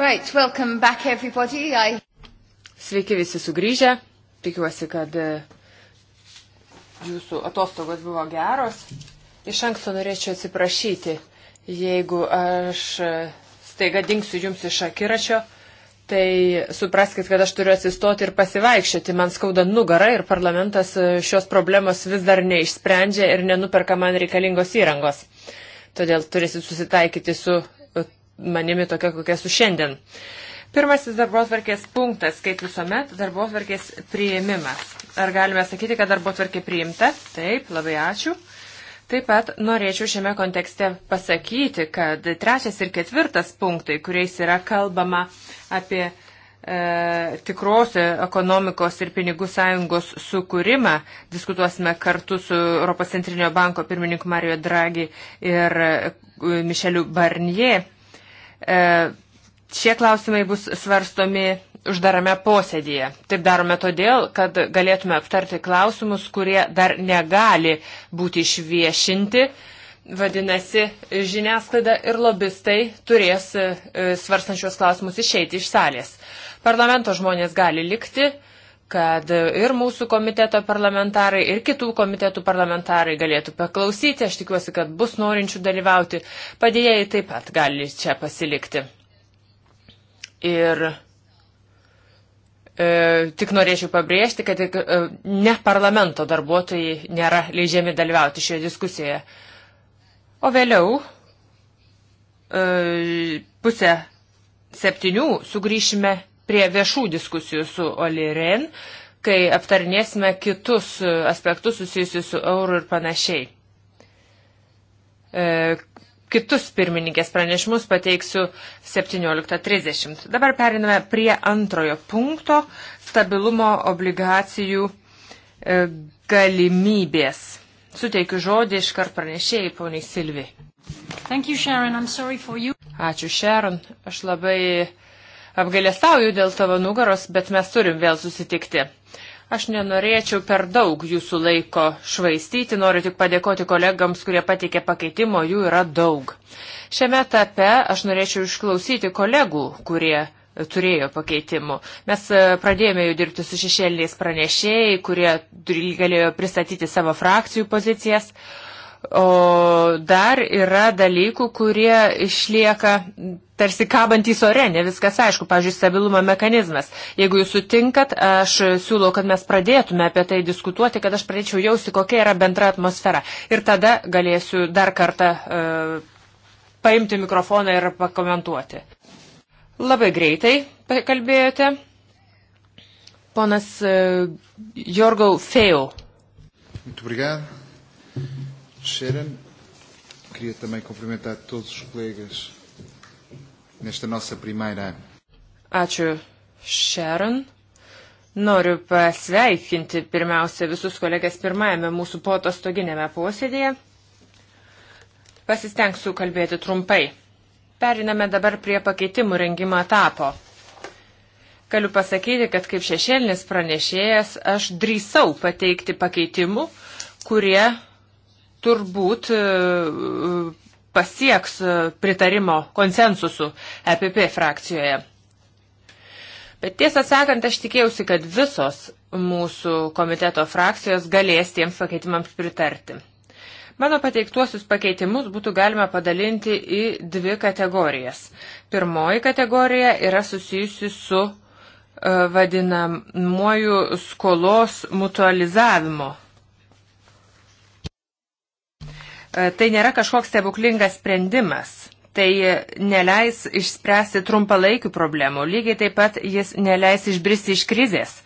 Right, welcome back everybody. I... Sveiki visi sugrįžę. Tikiuosi, kad e, jūsų atostogos buvo geros. Iš anksto norėčiau atsiprašyti, jeigu aš e, staiga dinksiu jums iš akiračio, tai supraskit, kad aš turiu atsistoti ir pasivaikščioti. Man skauda nugarą ir parlamentas e, šios problemos vis dar neišsprendžia ir nenuperka man reikalingos įrangos. Todėl turėsit susitaikyti su manimi tokia, kokia su šiandien. Pirmasis darbotvarkės punktas, kaip visuomet, darbotvarkės prieimimas. Ar galime sakyti, kad darbotvarkė priimta? Taip, labai ačiū. Taip pat norėčiau šiame kontekste pasakyti, kad trečias ir ketvirtas punktai, kuriais yra kalbama apie e, tikros ekonomikos ir pinigų sąjungos sukūrimą, diskutuosime kartu su Europos centrinio banko pirmininku Mario Draghi ir e, Mišeliu Barnier E, šie klausimai bus svarstomi uždarame posėdėje. Taip darome todėl, kad galėtume aptarti klausimus, kurie dar negali būti išviešinti. Vadinasi, žiniasklaida ir lobistai turės e, svarstančios klausimus išeiti iš salės. Parlamento žmonės gali likti, kad ir mūsų komiteto parlamentarai, ir kitų komitetų parlamentarai galėtų paklausyti. Aš tikiuosi, kad bus norinčių dalyvauti. Padėjėjai taip pat gali čia pasilikti. Ir e, tik norėčiau pabrėžti, kad tik, e, ne parlamento darbuotojai nėra leidžiami dalyvauti šioje diskusijoje. O vėliau e, pusę septynių sugrįšime prie viešų diskusijų su Oli Ren, kai aptarnėsime kitus aspektus susijusius su eurų ir panašiai. E, kitus pirmininkės pranešimus pateiksiu 17.30. Dabar periname prie antrojo punkto - stabilumo obligacijų e, galimybės. Suteikiu žodį iškart pranešėjai, poniai Silvi. You, Sharon. Ačiū, Sharon. Aš labai uh, Apgailestauju dėl tavo nugaros, bet mes turim vėl susitikti. Aš nenorėčiau per daug jūsų laiko švaistyti, noriu tik padėkoti kolegams, kurie pateikė pakeitimo, jų yra daug. Šiame etape aš norėčiau išklausyti kolegų, kurie turėjo pakeitimų. Mes e, pradėjome jau dirbti su šešėliniais pranešėjai, kurie galėjo pristatyti savo frakcijų pozicijas. Uh, O dar yra dalykų, kurie išlieka tarsi kabantys ore, ne viskas aišku, pavyzdžiui, stabilumo mechanizmas. Jeigu jūs sutinkat, aš siūlau, kad mes pradėtume apie tai diskutuoti, kad aš pradėčiau jausti, kokia yra bendra atmosfera. Ir tada galėsiu dar kartą e, paimti mikrofoną ir pakomentuoti. Labai greitai kalbėjote. Ponas e, Jorgau Feil. Muito obrigado. Sharon. Queria também cumprimentar todos os colegas nesta nossa primeira. Ačiū, Sharon. Noriu pasveikinti pirmiausia visus kolegas pirmajame mūsų potostoginėme posėdėje. Pasistengsiu kalbėti trumpai. Periname dabar prie pakeitimų rengimo etapo. Galiu pasakyti, kad kaip šešėlinis pranešėjas aš drįsau pateikti pakeitimų, kurie turbūt e, pasieks e, pritarimo konsensusų EPP frakcijoje. Bet tiesą sakant, aš tikėjausi, kad visos mūsų komiteto frakcijos galės tiems pakeitimams pritarti. Mano pateiktuosius pakeitimus būtų galima padalinti į dvi kategorijas. Pirmoji kategorija yra susijusi su e, vadinamuoju skolos mutualizavimu E, tai nėra kažkoks stebuklingas sprendimas. Tai neleis išspręsti trumpalaikių problemų. Lygiai taip pat jis neleis išbristi iš krizės.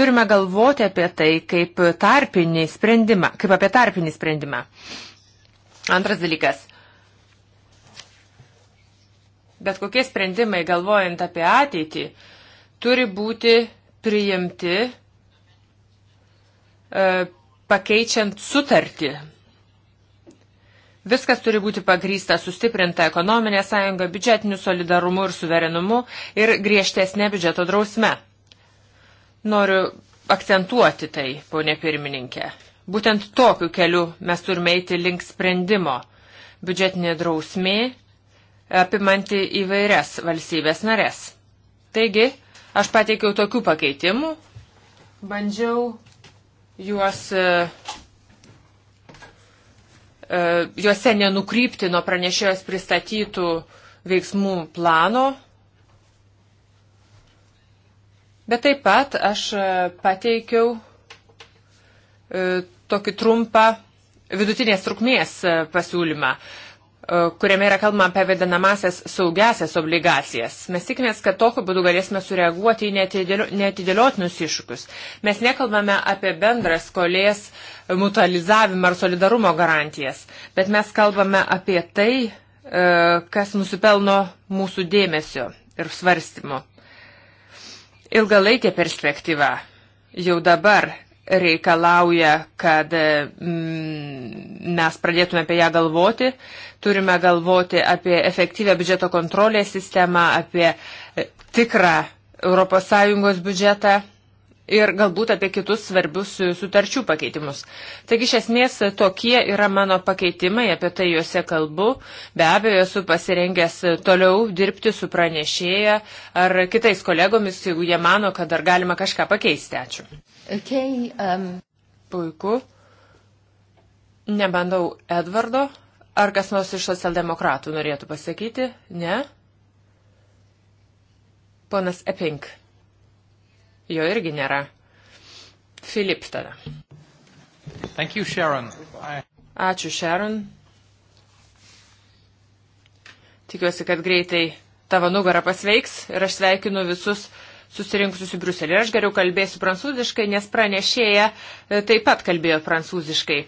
Turime galvoti apie tai kaip, tarpinį sprendimą, kaip apie tarpinį sprendimą. Antras dalykas. Bet kokie sprendimai, galvojant apie ateitį, turi būti priimti e, pakeičiant sutartį Viskas turi būti pagrysta sustiprinta ekonominė sąjunga, biudžetiniu solidarumu ir suverenumu ir griežtesnė biudžeto drausme. Noriu akcentuoti tai, ponė pirmininkė. Būtent tokiu keliu mes turime eiti link sprendimo. Biudžetinė drausmė apimanti įvairias valstybės narės. Taigi, aš pateikiau tokių pakeitimų, bandžiau juos e, E, juose nenukrypti nuo pranešėjos pristatytų veiksmų plano. Bet taip pat aš e, pateikiau e, tokį trumpą vidutinės trukmės pasiūlymą. E, kuriame yra kalbama apie vedinamasias saugiasias obligacijas. Mes tikimės, kad tokiu būdu galėsime sureaguoti į neatidėliotinus iššūkius. Mes nekalbame apie bendrą skolės mutualizavimą ar solidarumo garantijas, bet mes kalbame apie tai, e, kas nusipelno mūsų dėmesio ir svarstymo. Ilgalaikė perspektyva jau dabar reikalauja, kad mm, mes pradėtume apie ją galvoti. Turime galvoti apie efektyvę biudžeto kontrolės sistemą, apie e, tikrą ES biudžetą ir galbūt apie kitus svarbius sutarčių pakeitimus. Taigi iš esmės tokie yra mano pakeitimai, apie tai juose kalbu. Be abejo, esu pasirengęs toliau dirbti su pranešėja ar kitais kolegomis, jeigu jie mano, kad dar galima kažką pakeisti. Ačiū. Okay, um... Puiku. Nebandau Edvardo. Ar kas nors iš socialdemokratų norėtų pasakyti? Ne? Ponas Epink. Jo irgi nėra. Filip tada. Thank you, Sharon. I... Ačiū, Sharon. Tikiuosi, kad greitai tavo nugarą pasveiks ir aš sveikinu visus susirinkusius į Bruselį. Ir aš geriau kalbėsiu prancūziškai, nes pranešėja e, taip pat kalbėjo prancūziškai.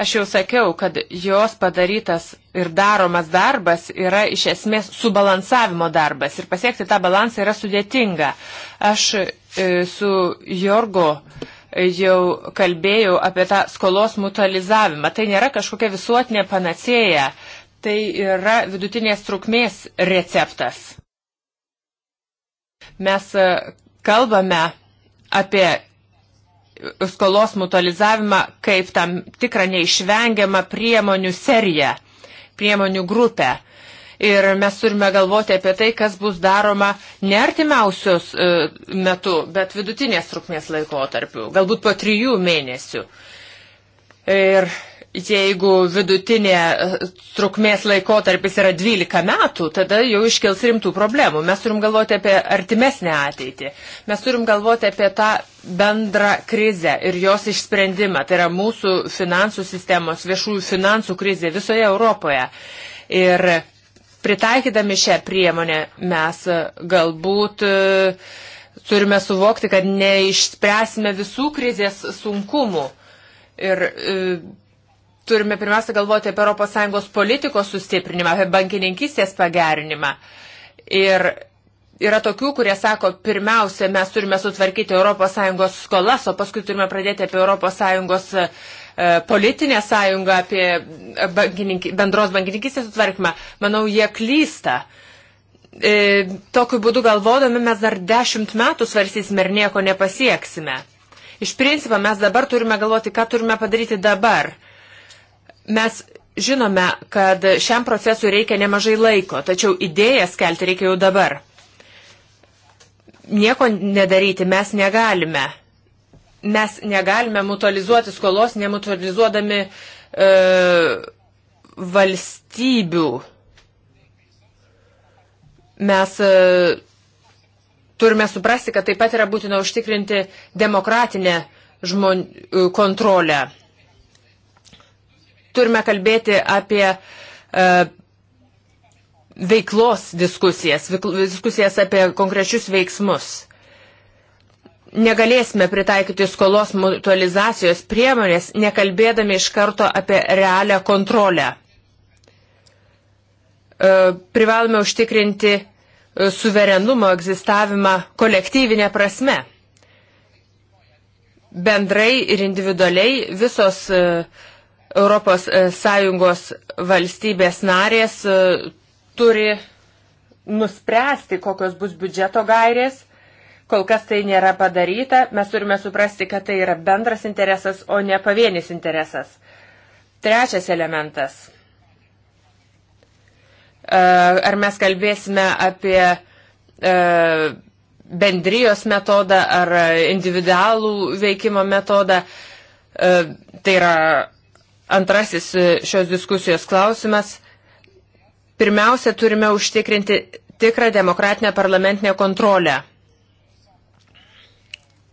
Aš jau sakiau, kad jos padarytas ir daromas darbas yra iš esmės subalansavimo darbas ir pasiekti tą balansą yra sudėtinga. Aš e, su Jorgo e, jau kalbėjau apie tą skolos mutualizavimą. Tai nėra kažkokia visuotinė panacėja, tai yra vidutinės trukmės receptas. Mes e, kalbame apie skolos mutualizavimą kaip tam tikrą neišvengiamą priemonių seriją, priemonių grupę. Ir mes turime galvoti apie tai, kas bus daroma ne artimiausios e, metu, bet vidutinės trukmės laikotarpiu, galbūt po trijų mėnesių. Ir jeigu vidutinė e, trukmės laikotarpis yra 12 metų, tada jau iškils rimtų problemų. Mes turim galvoti apie artimesnę ateitį. Mes turim galvoti apie tą bendrą krizę ir jos išsprendimą. Tai yra mūsų finansų sistemos, viešųjų finansų krizė visoje Europoje. Ir pritaikydami šią priemonę mes e, galbūt e, turime suvokti, kad neišspręsime visų krizės sunkumų. Ir turime pirmiausia galvoti apie ES politikos sustiprinimą, apie bankininkystės pagerinimą. Ir yra tokių, kurie sako, pirmiausia, mes turime sutvarkyti ES skolas, o paskui turime pradėti apie ES e, politinę sąjungą, apie bankininki, bendros bankininkystės sutvarkymą. Manau, jie klysta. E, tokiu būdu galvodami mes dar dešimt metų svarsysime ir nieko nepasieksime. Iš principo mes dabar turime galvoti, ką turime padaryti dabar. E, Mes žinome, kad šiam procesui reikia nemažai laiko, tačiau idėjas kelti reikia jau dabar. Nieko nedaryti mes negalime. Mes negalime mutualizuoti skolos, nemutualizuodami e, valstybių. Mes e, turime suprasti, kad taip pat yra būtina užtikrinti demokratinę žmon, e, kontrolę turime kalbėti apie e, veiklos diskusijas, diskusijas apie konkrečius veiksmus negalėsime pritaikyti skolos mutualizacijos priemonės, nekalbėdami iš karto apie realią kontrolę. E, privalome užtikrinti e, suverenumo egzistavimą kolektyvinę prasme. Bendrai ir individualiai visos ES e, valstybės narės e, turi nuspręsti, kokios bus biudžeto gairės. Kol kas tai nėra padaryta, mes turime suprasti, kad tai yra bendras interesas, o ne pavienis interesas. Trečias elementas. E, ar mes kalbėsime apie bendrijos metodą ar individualų veikimo metodą, tai yra Antrasis e, šios diskusijos klausimas. Pirmiausia, turime užtikrinti tikrą demokratinę parlamentinę kontrolę.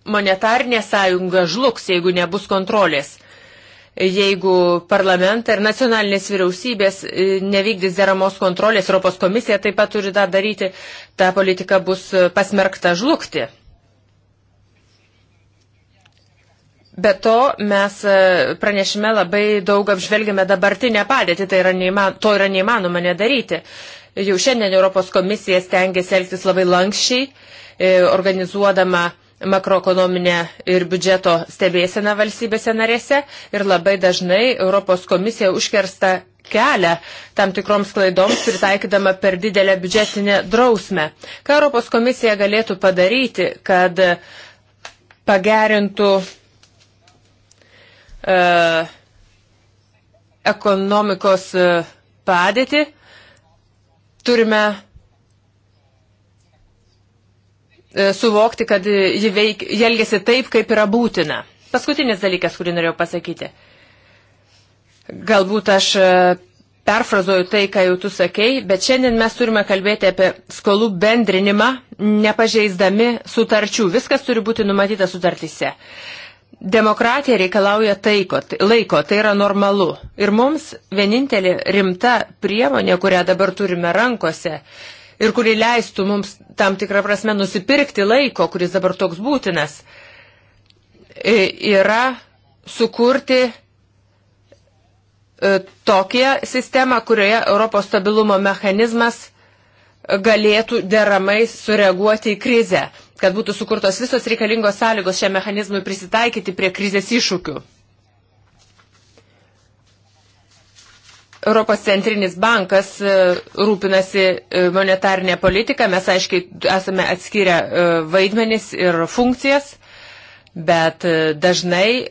Monetarinė sąjunga žlugs, jeigu nebus kontrolės. Jeigu parlamentai ir nacionalinės vyriausybės e, nevykdys deramos kontrolės, Europos komisija taip pat turi tą daryti, ta politika bus e, pasmerkta žlugti. Be to, mes e, pranešime labai daug apžvelgiame dabartinę padėtį, tai yra neįman, to yra neįmanoma nedaryti. Jau šiandien Europos komisija stengiasi elgtis labai lankščiai, e, organizuodama makroekonominę ir biudžeto stebėseną valstybėse narėse ir labai dažnai Europos komisija užkersta kelią tam tikroms klaidoms pritaikydama per didelę biudžetinę drausmę. Ką Europos komisija galėtų padaryti, kad pagerintų E, ekonomikos e, padėtį, turime e, suvokti, kad ji veik, elgesi taip, kaip yra būtina. Paskutinis dalykas, kurį norėjau pasakyti. Galbūt aš perfrazuoju tai, ką jau tu sakei, bet šiandien mes turime kalbėti apie skolų bendrinimą, nepažeisdami sutarčių. Viskas turi būti numatyta sutartyse. Demokratija reikalauja taiko, tai laiko, tai yra normalu. Ir mums vienintelė rimta priemonė, kurią dabar turime rankose ir kuri leistų mums tam tikrą prasme nusipirkti laiko, kuris dabar toks būtinas, yra sukurti tokią sistemą, kurioje Europos stabilumo mechanizmas galėtų deramai sureaguoti į krizę kad būtų sukurtos visos reikalingos sąlygos šiam mechanizmui prisitaikyti prie krizės iššūkių. Europos centrinis bankas e, rūpinasi e, monetarinė politika, mes aiškiai esame atskirę e, vaidmenis ir funkcijas, bet dažnai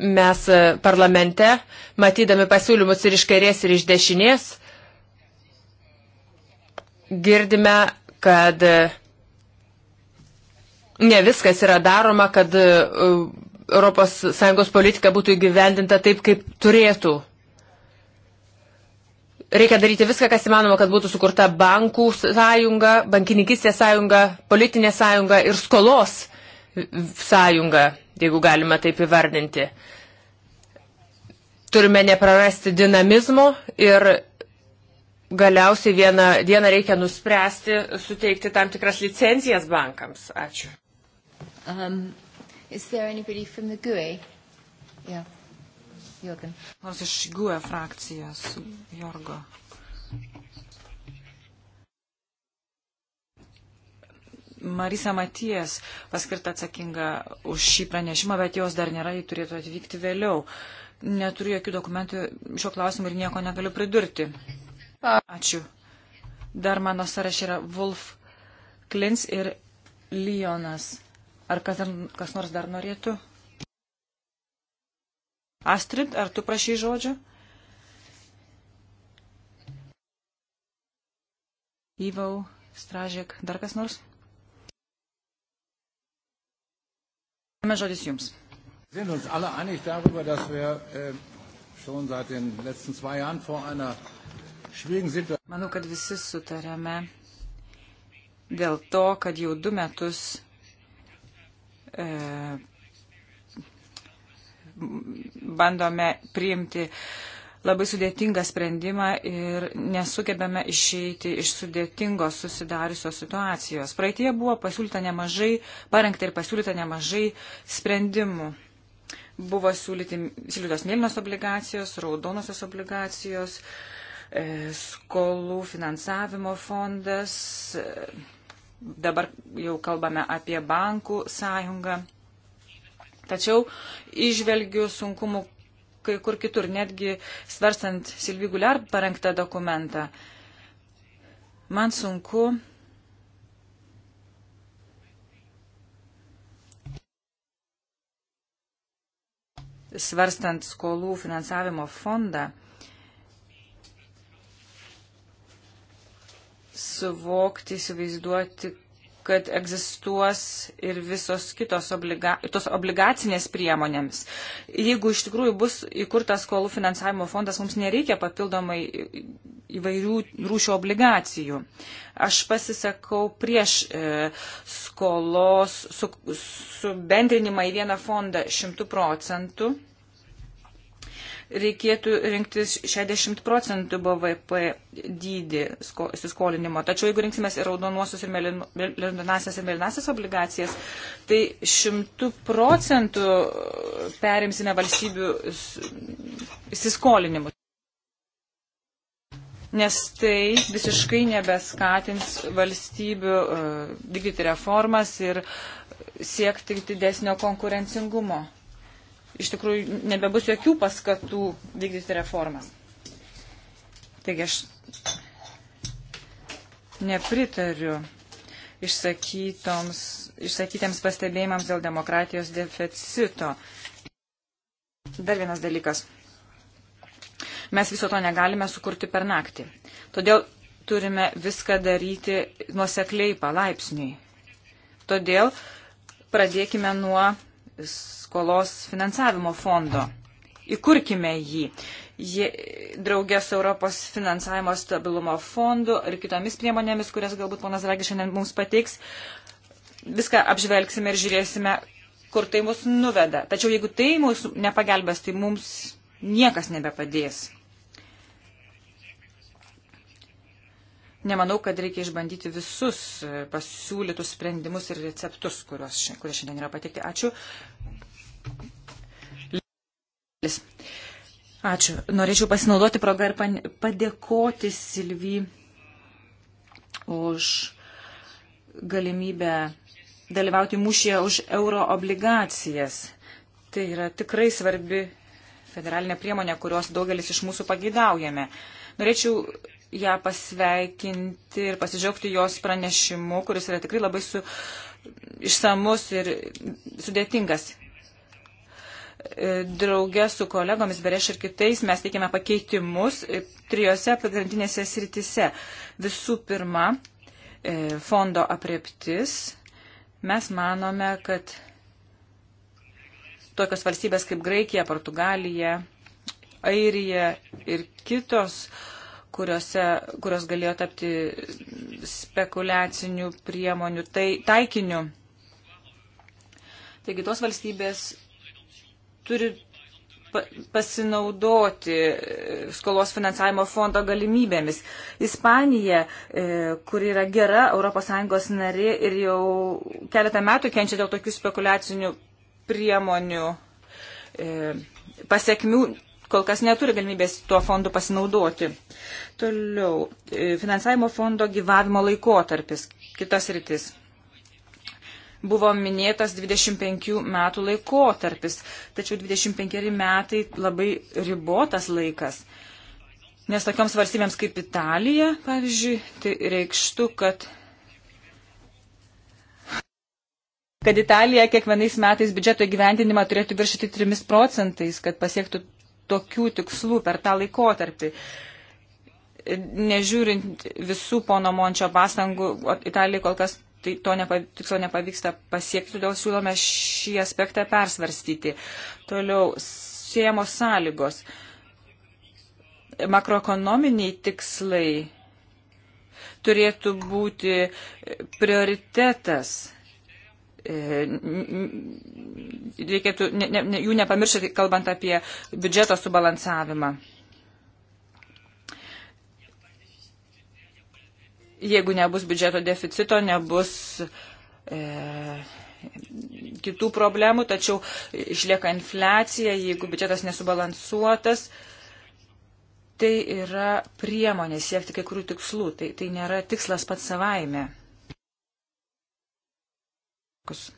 mes parlamente, matydami pasiūlymus ir iš kairės ir iš dešinės, girdime kad e, ne viskas yra daroma, kad ES politika būtų įgyvendinta taip, kaip turėtų. Reikia daryti viską, kas įmanoma, kad būtų sukurta bankų sąjunga, bankininkistės sąjunga, politinė sąjunga ir skolos sąjunga, jeigu galima taip įvardinti. Turime neprarasti dinamizmo ir galiausiai vieną dieną reikia nuspręsti suteikti tam tikras licencijas bankams. Ačiū. Um, e? yeah. Jorgen. Nors iš GUE frakcijos Jorgo. Marisa Maties paskirta atsakinga už šį pranešimą, bet jos dar nėra, jį turėtų atvykti vėliau. Neturiu jokių dokumentų šio klausimu ir nieko negaliu pridurti. Ačiū. Dar mano sąrašė yra Wolf Klins ir Lionas. Ar kas, dar, kas nors dar norėtų? Astrid, ar tu prašy žodžio? Įvau, Stražėk, dar kas nors? Žodis jums. Sind uns alle einig darüber, dass wir äh, schon seit den letzten zwei Jahren vor einer äh, Manau, kad visi sutarėme dėl to, kad jau du metus e, bandome priimti labai sudėtingą sprendimą ir nesugebėme išeiti iš sudėtingos susidariusios situacijos. Praeitie buvo pasiūlyta nemažai, parengta ir pasiūlyta nemažai sprendimų. Buvo siūlyti, siūlytos mėlynos obligacijos, raudonosios obligacijos. E, E, skolų finansavimo fondas, e, dabar jau kalbame apie bankų sąjungą. Tačiau išvelgiu sunkumų kai kur kitur, netgi svarstant Silvi Guliar parengtą dokumentą. Man sunku svarstant skolų finansavimo fondą, suvokti, įsivaizduoti, kad egzistuos ir visos kitos obliga tos obligacinės priemonėms. Jeigu iš tikrųjų bus įkurtas skolų finansavimo fondas, mums nereikia papildomai įvairių rūšių obligacijų. Aš pasisakau prieš e, skolos subendrinimą su, su į vieną fondą šimtų procentų reikėtų rinktis 60 procentų BVP dydį įsiskolinimo. Tačiau jeigu rinksime ir raudonuosius, ir mėlynasias, ir mėlynasias obligacijas, tai 100 procentų perimsime valstybių įsiskolinimus. Nes tai visiškai nebeskatins valstybių uh, vykdyti reformas ir siekti didesnio konkurencingumo iš tikrųjų nebebus jokių paskatų vykdyti reformas. Taigi aš nepritariu išsakytiems pastebėjimams dėl demokratijos deficito. Dar vienas dalykas. Mes viso to negalime sukurti per naktį. Todėl turime viską daryti nuosekliai, palaipsniui. Todėl pradėkime nuo skolos finansavimo fondo. Įkurkime jį. Jie, draugė su Europos finansavimo stabilumo fondu ir kitomis priemonėmis, kurias galbūt ponas Ragis šiandien mums pateiks, viską apžvelgsime ir žiūrėsime, kur tai mus nuveda. Tačiau jeigu tai mūsų nepagelbės, tai mums niekas nebepadės. Nemanau, kad reikia išbandyti visus e, pasiūlytus sprendimus ir receptus, kurios, kurie šiandien yra pateikti. Ačiū. Ačiū. Norėčiau pasinaudoti progą ir padėkoti Silvijai už galimybę dalyvauti mūšyje už euro obligacijas. Tai yra tikrai svarbi federalinė priemonė, kurios daugelis iš mūsų pageidaujame. Norėčiau ją pasveikinti ir pasižiaugti jos pranešimu, kuris yra tikrai labai su, išsamus ir sudėtingas. E, drauge su kolegomis Bereš ir kitais mes teikiame pakeitimus e, trijose pagrindinėse sritise. Visų pirma, e, fondo apreptis. Mes manome, kad tokios valstybės kaip Graikija, Portugalija, Airija ir kitos uh, kuriuose, kurios galėjo tapti spekuliacinių priemonių tai, taikiniu. Taigi tos valstybės turi pasinaudoti skolos finansavimo fondo galimybėmis. Ispanija, e, kuri yra gera ES narė ir jau keletą metų kenčia dėl tokių spekuliacinių priemonių e, pasiekmių, kol kas neturi galimybės tuo fondu pasinaudoti. Toliau, e, finansavimo fondo gyvavimo laikotarpis, kitas rytis. Buvo minėtas 25 metų laikotarpis, tačiau 25 metai labai ribotas laikas. Nes tokioms valstybėms kaip Italija, pavyzdžiui, tai reikštų, kad kad Italija kiekvienais metais biudžeto gyvendinimą turėtų viršyti 3 procentais, kad pasiektų tokių tikslų per tą laikotarpį. Nežiūrint visų pono Mončio pastangų, Italijai kol kas tai to nepa, tikslo nepavyksta pasiekti, todėl siūlome šį aspektą persvarstyti. Toliau, siejamos sąlygos. Makroekonominiai tikslai turėtų būti prioritetas E, reikėtų ne, ne, jų nepamiršti, kalbant apie biudžeto subalansavimą. Jeigu nebus biudžeto deficito, nebus e, kitų problemų, tačiau išlieka infliacija, jeigu biudžetas nesubalansuotas, tai yra priemonė siekti kai kurių tikslų, tai, tai nėra tikslas pats savaime. Markus.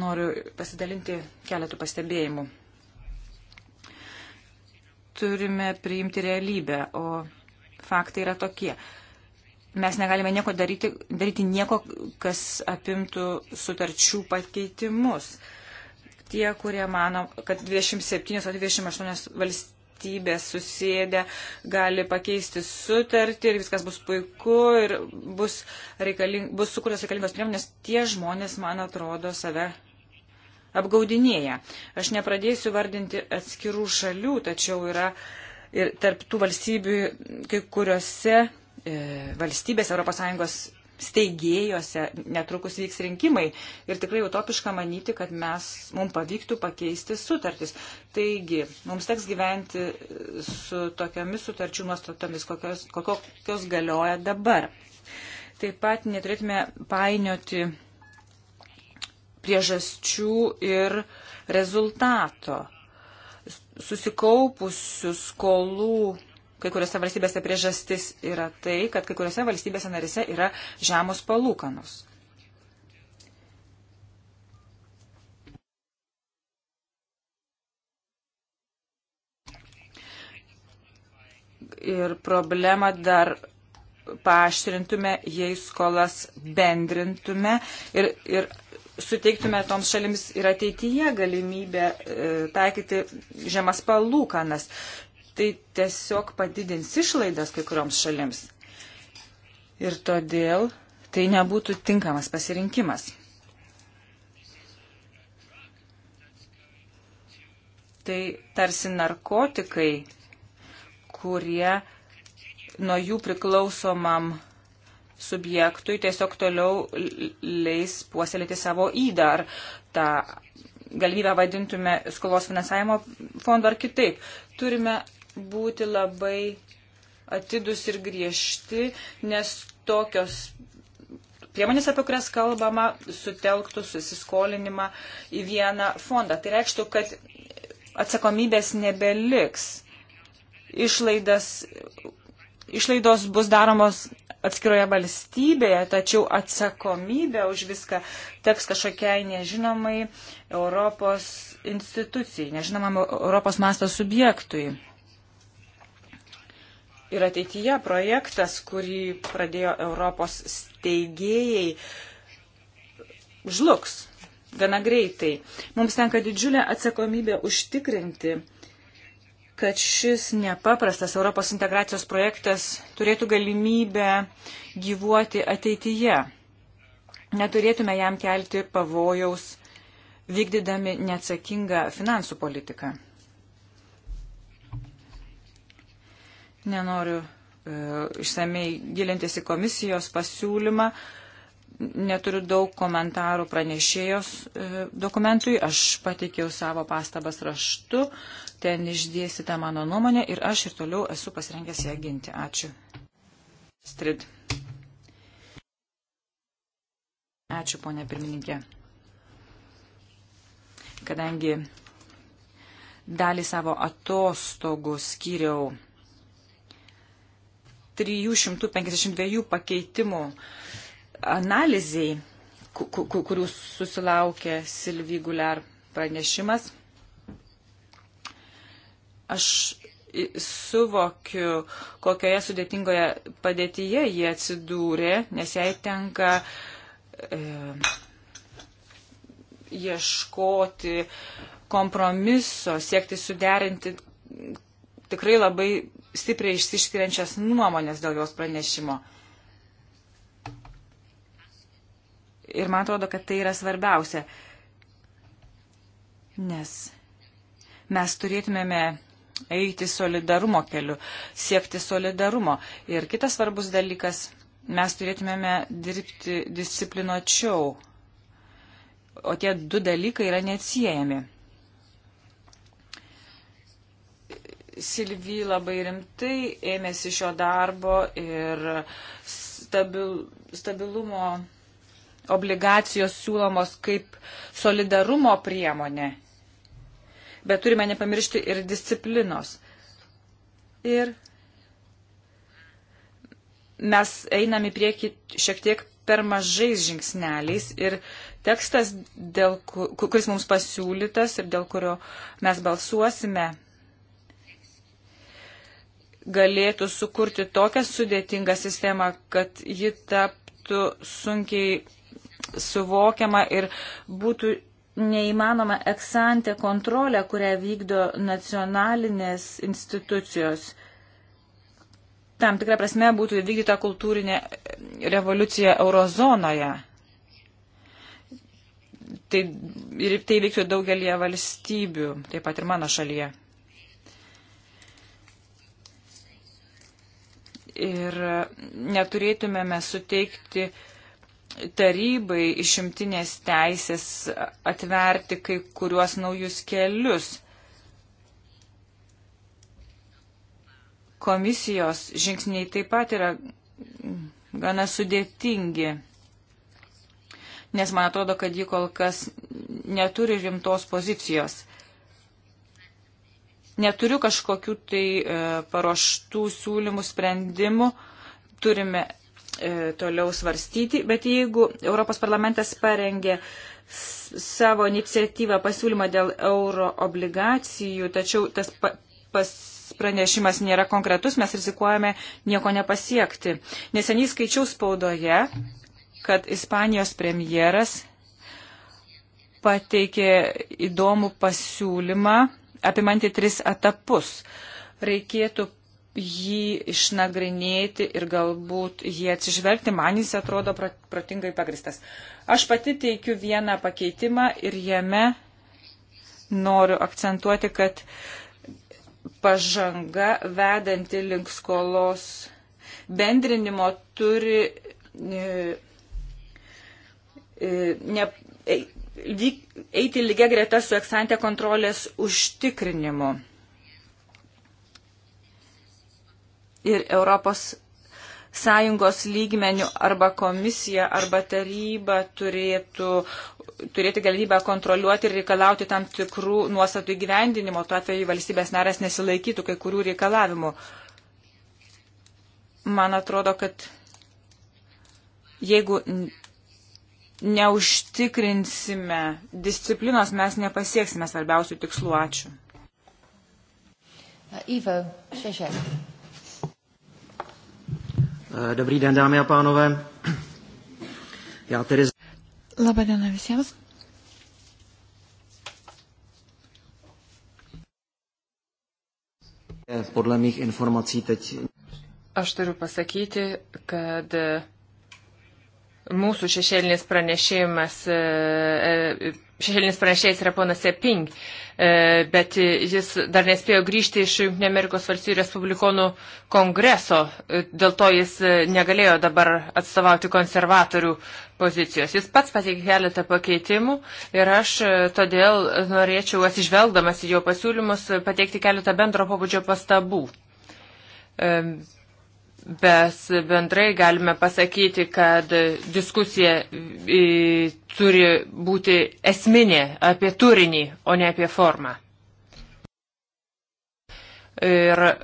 Noriu pasidalinti keletų pastebėjimų. Turime priimti realybę, o faktai yra tokie. Mes negalime nieko daryti, daryti nieko, kas apimtų sutarčių pakeitimus tie, kurie mano, kad 27, o 28 valst valstybės susėdę gali pakeisti sutartį ir viskas bus puiku ir bus, reikaling, bus sukurtas reikalingos priemonės, tie žmonės, man atrodo, save apgaudinėja. Aš nepradėsiu vardinti atskirų šalių, tačiau yra ir tarp tų valstybių, kai kuriuose e, valstybės ES steigėjose netrukus vyks rinkimai ir tikrai utopiška manyti, kad mes, mums pavyktų pakeisti sutartis. Taigi, mums teks gyventi su tokiamis sutarčių nuostatomis, kokios, kokios galioja dabar. Taip pat neturėtume painioti priežasčių ir rezultato susikaupusių skolų kai kuriuose valstybėse priežastis yra tai, kad kai kuriuose valstybėse narise yra žemos palūkanos. Ir problemą dar paaštrintume, jei skolas bendrintume ir, ir suteiktume toms šalims ir ateityje galimybę e, taikyti žemas palūkanas tai tiesiog padidins išlaidas kai kurioms šalims. Ir todėl tai nebūtų tinkamas pasirinkimas. Tai tarsi narkotikai, kurie nuo jų priklausomam subjektui tiesiog toliau leis puoselėti savo įdą ar tą galimybę vadintume skolos finansavimo fondu ar kitaip. Turime būti labai atidus ir griežti, nes tokios priemonės, apie kurias kalbama, sutelktų susiskolinimą į vieną fondą. Tai reikštų, kad atsakomybės nebeliks. Išlaidas, išlaidos bus daromos atskiroje valstybėje, tačiau atsakomybė už viską teks kažkokiai nežinomai Europos institucijai, nežinomam Europos masto subjektui ir ateityje projektas, kurį pradėjo Europos steigėjai, žlugs gana greitai. Mums tenka didžiulė atsakomybė užtikrinti, kad šis nepaprastas Europos integracijos projektas turėtų galimybę gyvuoti ateityje. Neturėtume jam kelti pavojaus vykdydami neatsakingą finansų politiką. Nenoriu e, išsamei gilintis į komisijos pasiūlymą. Neturiu daug komentarų pranešėjos e, dokumentui. Aš pateikiau savo pastabas raštu. Ten išdėsite mano nuomonę ir aš ir toliau esu pasirengęs ją ginti. Ačiū. Strid. Ačiū, ponė pirmininkė. Kadangi dalį savo atostogų skyriau 352 pakeitimų analizai, kurių susilaukė Silvi Guler pranešimas. Aš suvokiu, kokioje sudėtingoje padėtyje jie atsidūrė, nes jai tenka e, ieškoti kompromiso, siekti suderinti tikrai labai stipriai išsiskiriančias nuomonės dėl jos pranešimo. Ir man atrodo, kad tai yra svarbiausia, nes mes turėtumėme eiti solidarumo keliu, siekti solidarumo. Ir kitas svarbus dalykas, mes turėtumėme dirbti disciplinuočiau. O tie du dalykai yra neatsiejami. Silvy labai rimtai ėmėsi šio darbo ir stabil, stabilumo obligacijos siūlomos kaip solidarumo priemonė. Bet turime nepamiršti ir disciplinos. Ir mes einam į priekį šiek tiek per mažais žingsneliais ir tekstas, dėl, kuris mums pasiūlytas ir dėl kurio mes balsuosime galėtų sukurti tokią sudėtingą sistemą, kad ji taptų sunkiai suvokiama ir būtų neįmanoma eksantė kontrolė, kurią vykdo nacionalinės institucijos. Tam tikrą prasme būtų įvykdyta kultūrinė revoliucija eurozonoje. Tai, ir tai vyktų daugelie valstybių, taip pat ir mano šalyje. ir neturėtumėme suteikti tarybai išimtinės teisės atverti kai kuriuos naujus kelius. Komisijos žingsniai taip pat yra gana sudėtingi, nes man atrodo, kad ji kol kas neturi rimtos pozicijos. Neturiu kažkokių tai e, paruoštų siūlymų, sprendimų. Turime e, toliau svarstyti, bet jeigu Europos parlamentas parengė savo iniciatyvą pasiūlymą dėl euro obligacijų, tačiau tas pa, pas, pranešimas nėra konkretus, mes rizikuojame nieko nepasiekti. Neseniai skaičiau spaudoje, kad Ispanijos premjeras pateikė įdomų pasiūlymą apimanti tris etapus. Reikėtų jį išnagrinėti ir galbūt jį atsižvelgti, man jis atrodo protingai pagristas. Aš pati teikiu vieną pakeitimą ir jame noriu akcentuoti, kad pažanga vedanti link skolos bendrinimo turi e, e, ne, ne, eiti lygia greta su eksantė kontrolės užtikrinimu. Ir Europos sąjungos lygmenių arba komisija arba taryba turėtų turėti galimybę kontroliuoti ir reikalauti tam tikrų nuostatų įgyvendinimo. Tuo atveju valstybės narės nesilaikytų kai kurių reikalavimų. Man atrodo, kad jeigu neužtikrinsime disciplinos, mes nepasieksime svarbiausių tikslų. Ačiū. Uh, Ivo Šešek. Uh, dobrý den, dámy a pánové. Já tedy... Labą dieną visiems. Podle mých informací teď... Aš turiu pasakyti, kad Mūsų šešėlinis pranešimas, e, e, šešėlinis pranešėjas yra ponas Seping, e, bet jis dar nespėjo grįžti iš Amerikos valstybių Respublikonų kongreso, dėl to jis negalėjo dabar atstovauti konservatorių pozicijos. Jis pats pateikė keletą pakeitimų ir aš todėl norėčiau, atsižvelgdamas į jo pasiūlymus, pateikti keletą bendro pobūdžio pastabų Bes bendrai galime pasakyti, kad diskusija e, turi būti esminė apie turinį, o ne apie formą. Ir e,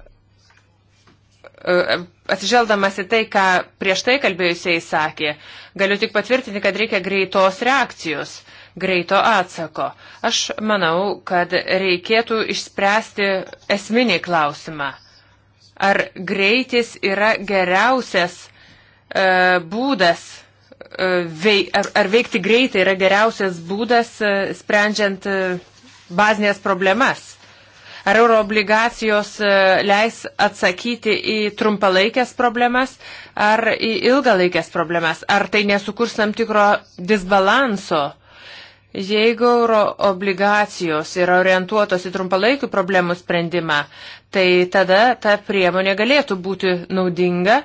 atsižvelgdamas į tai, ką prieš tai kalbėjusiai sakė, galiu tik patvirtinti, kad reikia greitos reakcijos, greito atsako. Aš manau, kad reikėtų išspręsti esminį klausimą ar greitis yra geriausias e, būdas, e, vei, ar, ar veikti greitai yra geriausias būdas e, sprendžiant e, bazinės problemas. Ar euroobligacijos e, leis atsakyti į trumpalaikės problemas ar į ilgalaikės problemas? Ar tai nesukurs tam tikro disbalanso? Jeigu euro obligacijos yra orientuotos į trumpalaikių problemų sprendimą, tai tada ta priemonė galėtų būti naudinga,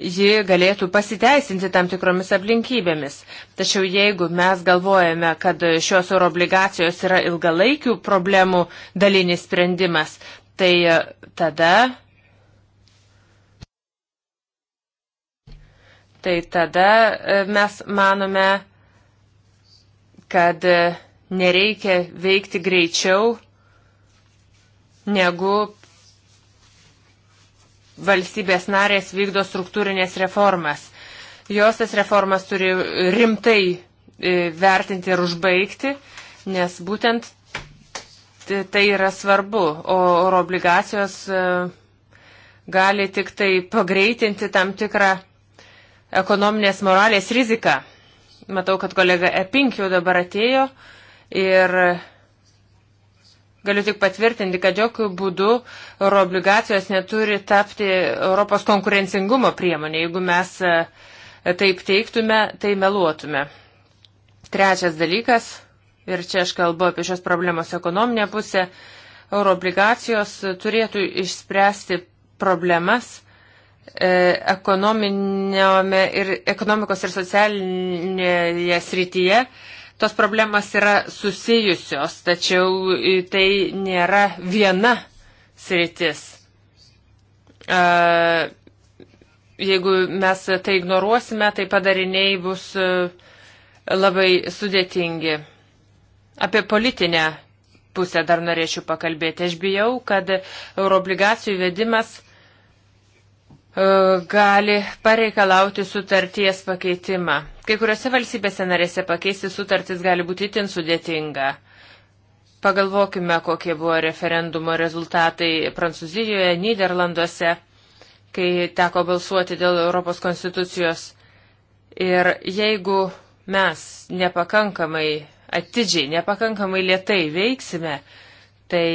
ji galėtų pasiteisinti tam tikromis aplinkybėmis. Tačiau jeigu mes galvojame, kad šios euro obligacijos yra ilgalaikių problemų dalinis sprendimas, tai e, tada. Tai tada e, mes manome, kad e, nereikia veikti greičiau negu valstybės narės vykdo struktūrinės reformas. Jos tas reformas turi rimtai e, vertinti ir užbaigti, nes būtent tai yra svarbu, o oro obligacijos e, gali tik tai pagreitinti tam tikrą ekonominės moralės riziką. Matau, kad kolega Epink jau dabar atėjo ir galiu tik patvirtinti, kad jokių būdų euroobligacijos neturi tapti Europos konkurencingumo priemonė. Jeigu mes e, taip teiktume, tai meluotume. Trečias dalykas, ir čia aš kalbu apie šios problemos ekonominę pusę, euroobligacijos turėtų išspręsti problemas, E, ir, ekonomikos ir socialinėje srityje tos problemas yra susijusios, tačiau tai nėra viena sritis. E, jeigu mes tai ignoruosime, tai padariniai bus e, labai sudėtingi. Apie politinę pusę dar norėčiau pakalbėti. Aš bijau, kad euroobligacijų vedimas E, gali pareikalauti sutarties pakeitimą. Kai kuriuose valstybėse narėse pakeisti sutartis gali būti itin sudėtinga. Pagalvokime, kokie buvo referendumo rezultatai Prancūzijoje, Niderlanduose, kai teko balsuoti dėl Europos konstitucijos. Ir jeigu mes nepakankamai atidžiai, nepakankamai lietai veiksime, tai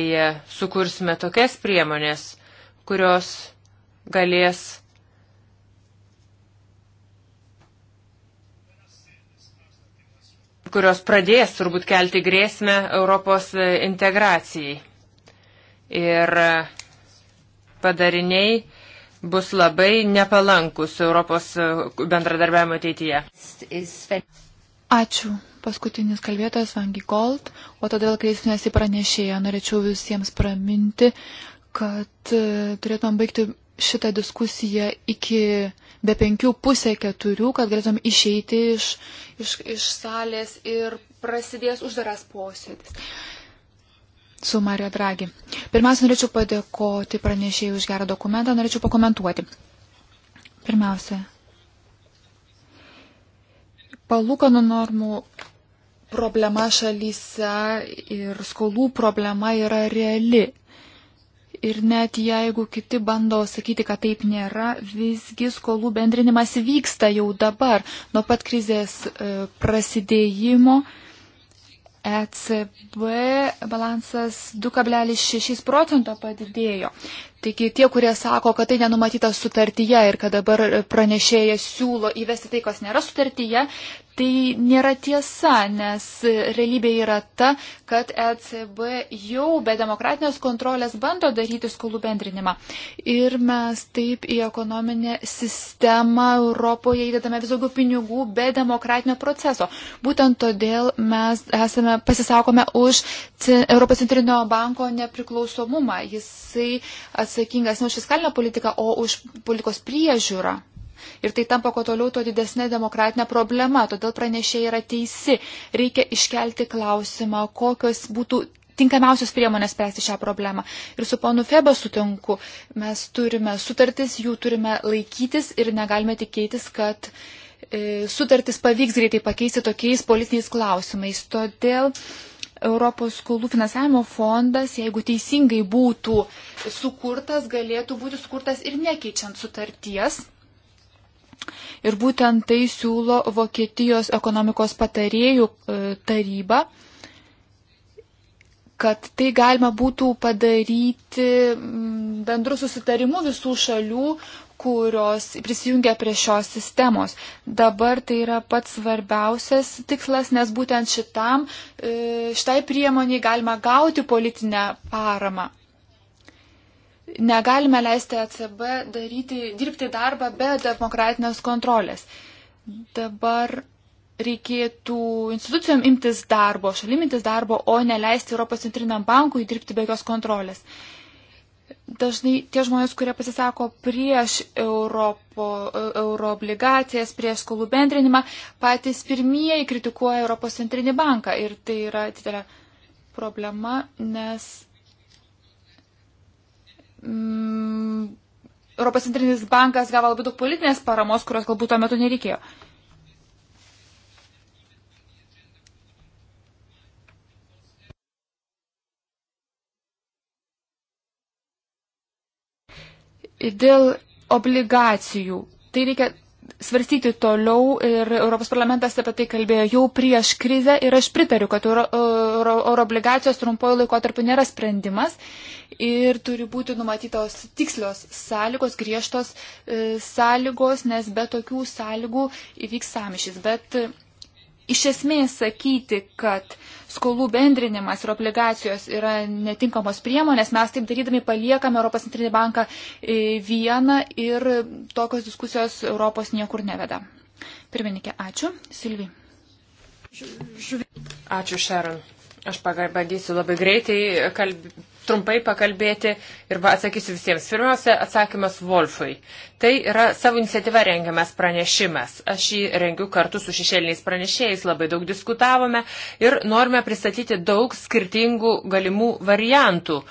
sukursime tokias priemonės, kurios galės kurios pradės turbūt kelti grėsmę Europos e, integracijai. Ir e, padariniai bus labai nepalankus Europos e, bendradarbiavimo ateityje. Ačiū. Paskutinis kalbėtojas Vangi Gold, o todėl kreipsimės į pranešėją. Norėčiau visiems praminti, kad turėtumėm baigti šitą diskusiją iki be penkių pusę keturių, kad galėtum išeiti iš, iš, iš salės ir prasidės uždaras posėdis su Mario Dragi. Pirmiausia, norėčiau padėkoti pranešėjai už gerą dokumentą, norėčiau pakomentuoti. Pirmiausia, palūkanų normų problema šalyse ir skolų problema yra reali ir net jeigu kiti bando sakyti, kad taip nėra, visgi skolų bendrinimas vyksta jau dabar. Nuo pat krizės e, prasidėjimo ECB balansas 2,6 procento padidėjo. Taigi tie, kurie sako, kad tai nenumatyta sutartyje ir kad dabar pranešėjas siūlo įvesti tai, kas nėra sutartyje, tai nėra tiesa, nes realybė yra ta, kad ECB jau be demokratinės kontrolės bando daryti skolų bendrinimą. Ir mes taip į ekonominę sistemą Europoje įdedame vis daugiau pinigų be demokratinio proceso. Būtent todėl mes esame, pasisakome už Europos centrinio banko nepriklausomumą. Jisai ats atsakingas ne už fiskalinę politiką, o už politikos priežiūrą. Ir tai tampa kuo toliau, tuo didesnė demokratinė problema. Todėl pranešė yra teisi. Reikia iškelti klausimą, kokios būtų tinkamiausios priemonės spręsti šią problemą. Ir su ponu Febe sutinku, mes turime sutartis, jų turime laikytis ir negalime tikėtis, kad e, sutartis pavyks greitai pakeisti tokiais politiniais klausimais. Todėl Europos skolų finansavimo fondas, jeigu teisingai būtų sukurtas, galėtų būti sukurtas ir nekeičiant sutarties. Ir būtent tai siūlo Vokietijos ekonomikos patarėjų e, taryba, kad tai galima būtų padaryti bendru susitarimu visų šalių, kurios prisijungia prie šios sistemos. Dabar tai yra pats svarbiausias tikslas, nes būtent šitam, e, šitai priemoniai galima gauti politinę paramą. Negalime leisti ECB daryti, dirbti darbą be demokratinės kontrolės. Dabar reikėtų institucijom imtis darbo, šalim imtis darbo, o neleisti Europos centriniam bankui dirbti be jokios kontrolės. Uh, dažnai tie žmonės, kurie pasisako prieš Europo, e, euro obligacijas, prieš skolų bendrinimą, patys pirmieji kritikuoja Europos centrinį banką. Ir tai yra didelė problema, nes mm, Europos centrinis bankas gavo labai daug politinės paramos, kurios galbūt tuo metu nereikėjo. Dėl obligacijų. Tai reikia svarstyti toliau ir Europos parlamentas apie tai kalbėjo jau prieš krizę ir aš pritariu, kad euro, euro, euro obligacijos trumpojo laikotarpiu nėra sprendimas ir turi būti numatytos tikslios sąlygos, griežtos e, sąlygos, nes be tokių sąlygų įvyks samišis. Bet iš esmės sakyti, kad skolų bendrinimas ir obligacijos yra netinkamos priemonės, mes taip darydami paliekame Europos centrinį banką e, vieną ir tokios diskusijos Europos niekur neveda. Pirmininkė, ačiū. Silvi. Ačiū, Šaron. Aš pabandysiu labai greitai kalbėti trumpai pakalbėti ir atsakysiu visiems. Pirmiausia, atsakymas Wolfui. Tai yra savo iniciatyva rengiamas pranešimas. Aš jį rengiu kartu su šešėliniais pranešėjais, labai daug diskutavome ir norime pristatyti daug skirtingų galimų variantų. Uh,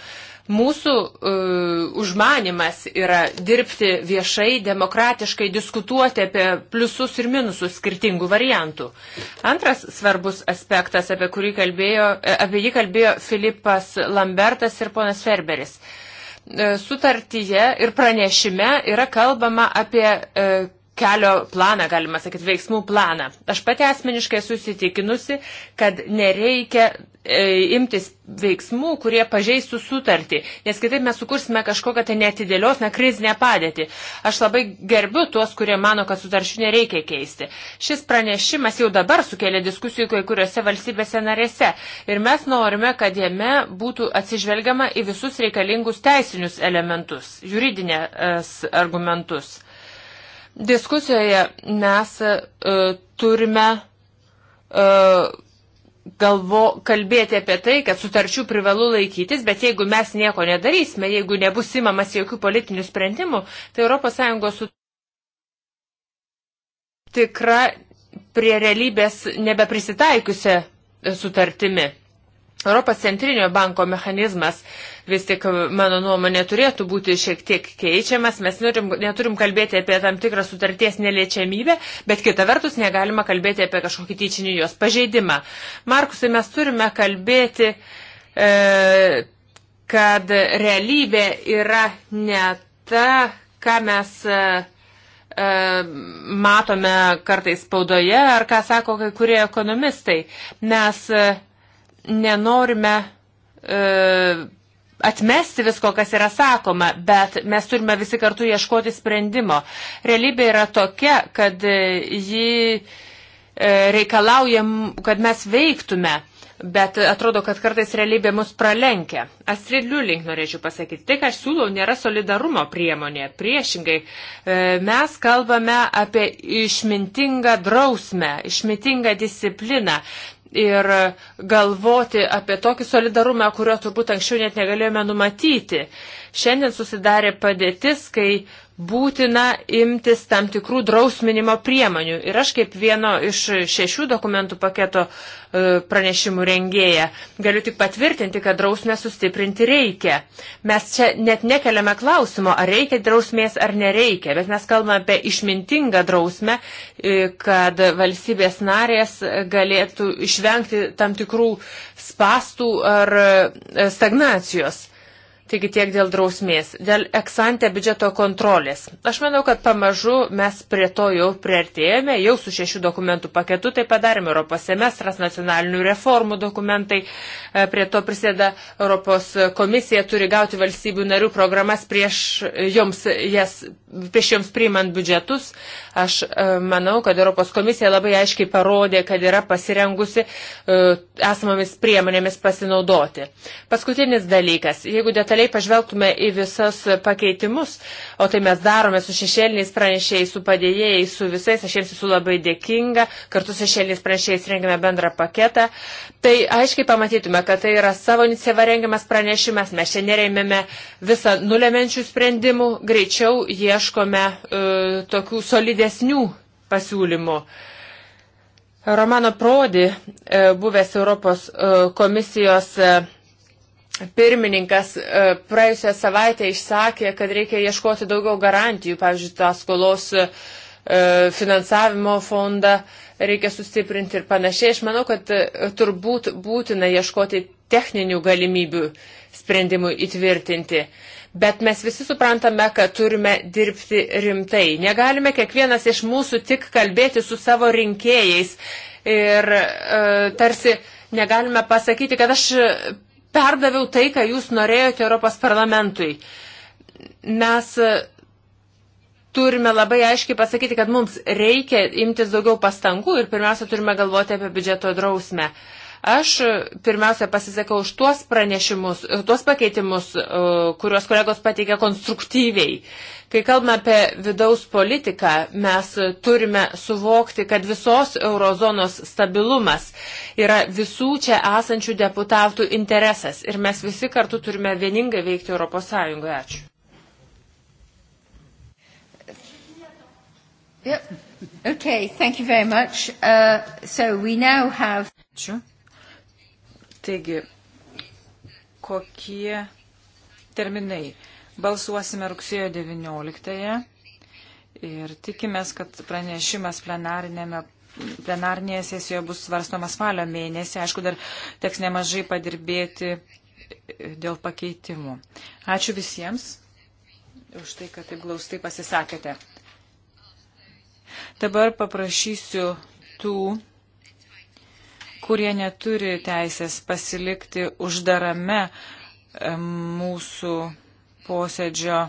Mūsų uh, užmanimas yra dirbti viešai, demokratiškai, diskutuoti apie pliusus ir minusus skirtingų variantų. Antras svarbus aspektas, apie, kalbėjo, e, apie jį kalbėjo Filipas Lambertas ir ponas Ferberis. E, sutartyje ir pranešime yra kalbama apie uh, kelio planą, galima sakyti, veiksmų planą. Aš pati asmeniškai susitikinusi, kad nereikia E, imtis veiksmų, kurie pažeistų sutartį, nes kitaip mes sukursime kažkokią tai netidėliosną krizinę padėtį. Aš labai gerbiu tuos, kurie mano, kad sutarčių nereikia keisti. Šis pranešimas jau dabar sukelia diskusijų kai kuriuose valstybėse narėse ir mes norime, kad jame būtų atsižvelgiama į visus reikalingus teisinius elementus, juridinės e, argumentus. Diskusijoje mes uh, turime uh, galvo, kalbėti apie tai, kad sutarčių privalu laikytis, bet jeigu mes nieko nedarysime, jeigu nebus įmamas jokių politinių sprendimų, tai ES su... tikra prie realybės nebeprisitaikiusi sutartimi. Europos centrinio banko mechanizmas vis tik, mano nuomonė, turėtų būti šiek tiek keičiamas. Mes neturim, neturim kalbėti apie tam tikrą sutarties neliečiamybę, bet kita vertus negalima kalbėti apie kažkokį tyčinį jos pažeidimą. Markusai, mes turime kalbėti, e, kad realybė yra ne ta, ką mes. E, e matome kartais spaudoje ar ką sako kai kurie ekonomistai. Mes e, nenorime e, atmesti visko, kas yra sakoma, bet mes turime visi kartu ieškoti sprendimo. Realybė yra tokia, kad e, ji e, reikalauja, kad mes veiktume. Bet atrodo, kad kartais realybė mus pralenkia. Astrid Liulink norėčiau pasakyti, tai, ką aš siūlau, nėra solidarumo priemonė. Priešingai, e, mes kalbame apie išmintingą drausmę, išmintingą discipliną ir galvoti apie tokį solidarumą, kurio turbūt anksčiau net negalėjome numatyti. Šiandien susidarė padėtis, kai būtina imtis tam tikrų drausminimo priemonių. Ir aš kaip vieno iš šešių dokumentų paketo e, pranešimų rengėja galiu tik patvirtinti, kad drausmę sustiprinti reikia. Mes čia net nekeliame klausimo, ar reikia drausmės ar nereikia, bet mes kalbame apie išmintingą drausmę, e, kad valstybės narės galėtų išvengti tam tikrų spastų ar e, stagnacijos. Taigi tiek dėl drausmės, dėl eksantė biudžeto kontrolės. Aš manau, kad pamažu mes prie to jau priartėjome, jau su šešių dokumentų paketu tai padarėme Europos semestras, nacionalinių reformų dokumentai, e, prie to prisėda Europos komisija, turi gauti valstybių narių programas prieš joms, jas, prieš joms priimant biudžetus. Aš e, manau, kad Europos komisija labai aiškiai parodė, kad yra pasirengusi e, esamomis priemonėmis pasinaudoti. Paskutinis dalykas, jeigu detalė detaliai pažvelgtume į visas pakeitimus, o tai mes darome su šešėliniais pranešėjais, su padėjėjais, su visais, aš jiems esu labai dėkinga, kartu su šešėliniais pranešėjais rengiame bendrą paketą, tai aiškiai pamatytume, kad tai yra savo iniciatyva rengiamas pranešimas, mes čia nereimėme visą nulemenčių sprendimų, greičiau ieškome e, tokių solidesnių pasiūlymų. Romano Prodi, e, buvęs Europos e, komisijos e, pirmininkas e, praėjusią savaitę išsakė, kad reikia ieškoti daugiau garantijų, pavyzdžiui, tą skolos e, finansavimo fondą reikia sustiprinti ir panašiai. Aš manau, kad e, turbūt būtina ieškoti techninių galimybių sprendimui įtvirtinti. Bet mes visi suprantame, kad turime dirbti rimtai. Negalime kiekvienas iš mūsų tik kalbėti su savo rinkėjais ir e, tarsi negalime pasakyti, kad aš perdaviau tai, ką jūs norėjote Europos parlamentui. Mes e, turime labai aiškiai pasakyti, kad mums reikia imtis daugiau pastangų ir pirmiausia turime galvoti apie biudžeto drausmę. Uh, Aš e, pirmiausia pasisakau už tuos pranešimus, e, tuos pakeitimus, e, kuriuos kolegos pateikia konstruktyviai. Kai kalbame apie vidaus politiką, mes turime suvokti, kad visos eurozonos stabilumas yra visų čia esančių deputatų interesas ir mes visi kartu turime vieningai veikti ES. Ačiū. Yep. Okay, thank you very much. Uh, so we now have... Ačiū. Sure. Taigi, kokie terminai? Balsuosime rugsėjo 19-ąją ir tikimės, kad pranešimas plenarinėme plenarnėje sesijoje bus svarstoma spalio mėnesį. Aišku, dar teks nemažai padirbėti e, dėl pakeitimų. Ačiū visiems už tai, kad taip glaustai pasisakėte. Dabar paprašysiu tų kurie neturi teisės pasilikti uždarame e, mūsų posėdžio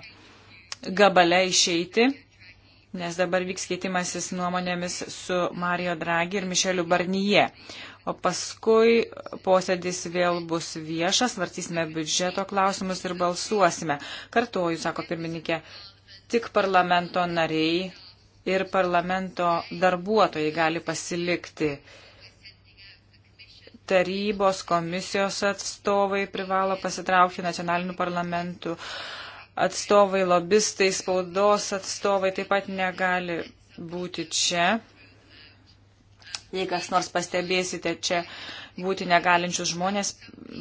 gabale išeiti, nes dabar vyks keitimasis nuomonėmis su Mario Draghi ir Mišeliu Barnyje. O paskui posėdis vėl bus viešas, vartysime biudžeto klausimus ir balsuosime. Kartuoju, sako pirmininkė, tik parlamento nariai ir parlamento darbuotojai gali pasilikti tarybos komisijos atstovai privalo pasitraukti nacionalinių parlamentų atstovai, lobistai, spaudos atstovai taip pat negali būti čia. Jei kas nors pastebėsite čia būti negalinčius žmonės,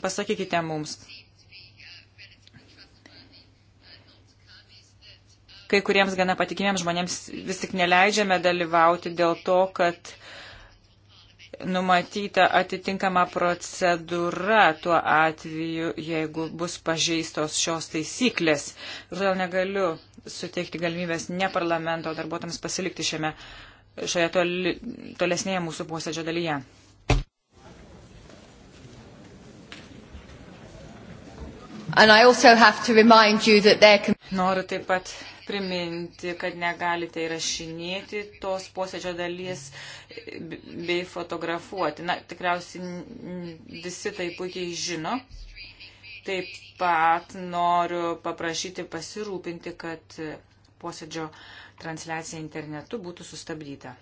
pasakykite mums. Kai kuriems gana patikimiems žmonėms vis tik neleidžiame dalyvauti dėl to, kad uh, numatyta atitinkama procedūra tuo atveju, jeigu bus pažeistos šios taisyklės. Todėl negaliu suteikti galimybės ne parlamento darbuotams pasilikti šiame, šioje toli, tolesnėje mūsų posėdžio dalyje. Can... Noriu taip pat priminti, kad negalite įrašinėti tos posėdžio dalies bei fotografuoti. Na, tikriausiai visi tai puikiai žino. Taip pat noriu paprašyti pasirūpinti, kad posėdžio transliacija internetu būtų sustabdyta.